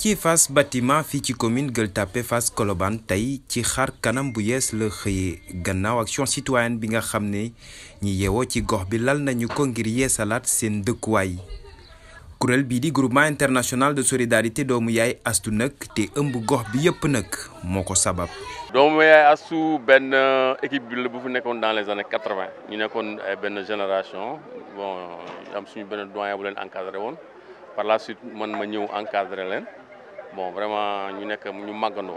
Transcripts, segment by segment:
quartier face bâtiment fi ci commune Gueule face Koloban tay ci xar kanam bu yees le xëyee gannaaw action citoyenne bi nga xamné ñi yéwo ci gox bi lal nañu ko ngir yeesalaat seen dëkkuwaay kurel bi di groupement international de solidarité doomu yaay astu nag te ëmb gox bi yépp nak moko sabab. doomu yaay astu ben équipe bi bu fi nekkoon dans les années quatre-vingt ñu nekkoon ben génération bon am suñu benn doyen bu len encadré won par la suite man ma ñëw encadré len bon vraiment ñu nek ñu màggandoo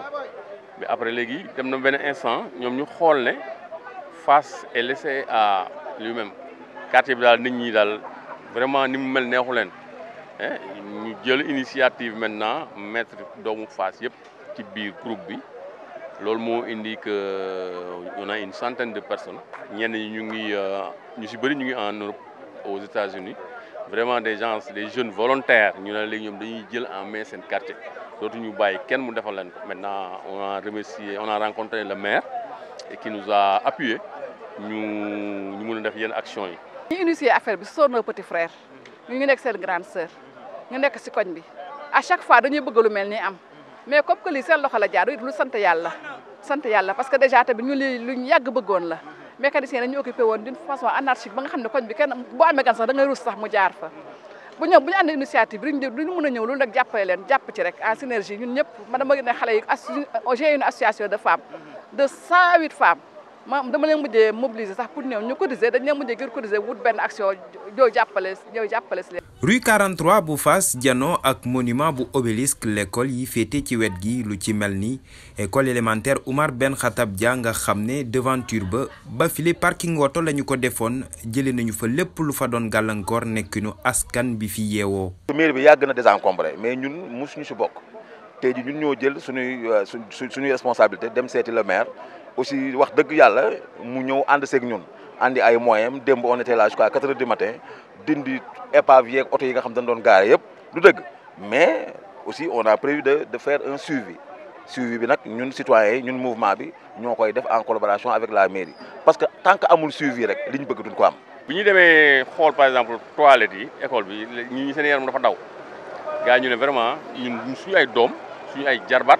mais après légui dem na ben instant ñom ñu xool face Fass est à lui-même quartier dal nit ñi dal vraiment ni mu mel neexu hein ñu jël initiative maintenant mettre doomu face yépp ci biir groupe bi lool mo indi que euh, on a une centaine de personnes ñen ñi ñu ngi euh, ñu ci bari ñu ngi en Europe aux États-Unis vraiment des gens des jeunes volontaires ñu ne léegi dañuy jël en main seen quartier dootu ñu bàyyi kenn mu defal leen ko maintenant on a remercié on a rencontré le maire et qui nous a appuyé ñu ñu mën a def action yi. ñu initié affaire bi soo noo petit frère ñu ngi nekk seen grande sœur ñu nekk si bi à chaque fois dañuy bëgg lu mel ni am mais comme que lii seen loxo la jaar lu sant yalla, sant yalla parce que déjà tamit ñu li luñ yàgg la. mécanicien dañu occupé woon d'une façon anarchique ba nga xam ne koñ bi kenn boo amee gan sax da ngay rus sax mu jaar fa bu ñëw bu ñu àndee initiative bi duñu duñu mën a ñëw loolu nag leen jàpp ci rek en synergie ñun ñëpp man dama ne xale yi j'ai une association de femmes de 108 femmes ma dama leen mujjee mobiliser sax pour ñëw ñu cotiser dañ leen mujjee ngir cotiser wut benn action ñëw jàppale ñëw jàppale si leen. rue 43 bu Fass jano ak monument bu obélisque l'école yi fété ci wèd gi lu ci melni école élémentaire Oumar Ben Khattab Dia nga xam ne devanture ba ba file parking auto lañu ko defoon jëlé nañu fa lépp lu fa doon gàllankoor nekkinu askan bi fi yéwo mairie bi yag na désencombré mais ñun mosuñu ci bok tey ji ñun ñoo jël suñu euh, suñu responsabilité dem séti le maire aussi wax deug yalla mu ñëw ànd sék ñun andi ay moyens demb on était là jusqu'à quatre heures du matin dindi épave yeeg auto yi nga xam dañ doon gaare yépp du deug mais aussi on a prévu de de faire un suivi suivi bi nak ñun citoyens ñun mouvement bi ñokoy def en collaboration avec la mairie parce que tant que amul suivi rek li bëgg duñ ko am. bi ñu demee xool par exemple toilette yi école bi ñi seen yaram dafa daw gars ñu né vraiment ñun suñu ay Dom, suñu ay Jarbat.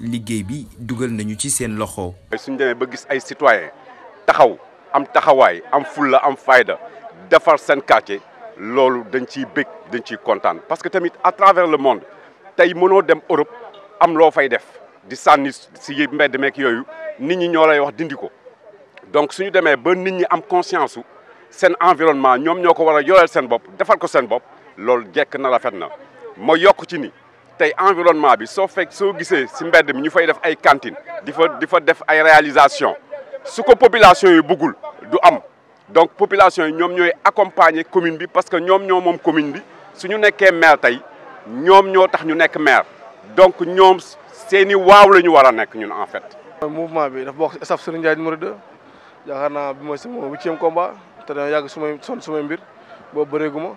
liggéey bi dugal nañu ci seen loxo. suñu demee ba gis ay citoyen taxaw am taxawaay am fulla am fayda defar seen quartier loolu dañ ciy bég dañ ciy kontaan parce que tamit à travers le monde tey mënoo dem Europe am loo fay def di sànni si yi mbedd meek yooyu nit ñi ñoo lay wax dindi ko donc suñu demee ba nit ñi am conscience seen environnement ñoom ñoo ko war a yoreel seen bopp defar ko seen bopp loolu jekk na rafet na ma yokk ci ni tay environnement bi so fek so gisee ci mbedd mi ñu fay def ay cantine difa difa def ay réalisation suko population yi bëggul du am donc population yi ñoom ñooy accompagner commune bi parce que ñom ñoo mom commune bi suñu nekké maire tay ñom ñoo tax ñu nekk maire donc ñom seeni waaw lañu wara nekk ñun en fait. mouvement bi daf bok staff Serigne ndjay numéro 2 yaakaar naa bi mooy sama huitième combat té dañu yag suma son sumay mbir boobu bëreeguma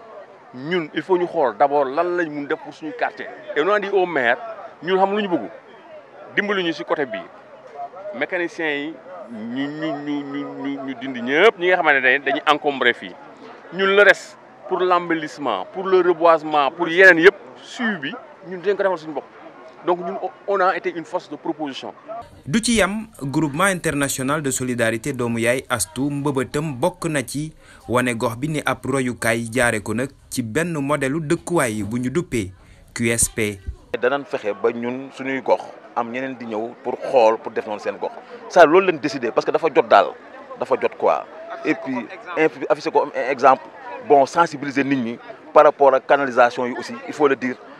Nous il faut nous ce d'abord. lan pour quartier. et on a dit au maire nous, xam nous, nous, côté mécaniciens nous, ñu ñu nous, ñu ñu nous, nous, ñi nous, Nous, nous, le reste pour l'embellissement, pour le reboisement pour yeneen nous, suivi bi ñun dañ donc ñun on a été une force de proposition. du ci yam groupement international de solidarité doomu yaay astu mbëbëtam bokk na ci wane gox bi ni ab royukaay jaare ko nag ci benn modèlu dëkkuwaay bu ñu duppee QSP. danañ fexe ba ñun suñuy gox am ñeneen di ñëw pour hall, pour def noonu seen gox ça loolu lañ décidé parce que dafa jot dal, dafa jot quoi et puis affiché ko un exemple bon sensibiliser nit ñi par rapport la canalisation yi aussi il faut le dire.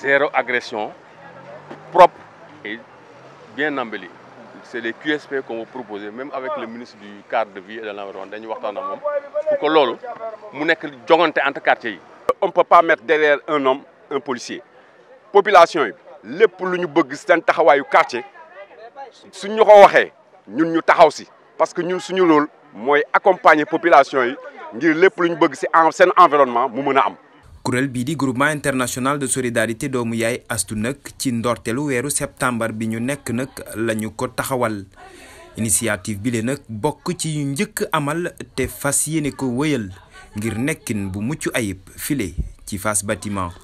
zéro agression, propre et bien embellie. C'est les QSP qu'on vous propose, même avec le ministre du cadre de vie et de l'environnement. Pour que entre quartiers. On ne peut pas mettre derrière un homme un policier. La population, les poules nous dans un quartier. Si nous nous ñun ñu taxaw parce que nous suñu loolu mooy accompagner population les ngir lépp lu bëgg environnement kuréel bii di groupement international de solidarité doomu yaay astu nag ci ndorteelu weeru septembre bi ñu nekk nag lañu ko taxawal initiative bi le nag bokk ci yu njëkk amal te fas yéene ko wëyal ngir nekkin bu mucc ayib file ci fas bâtiment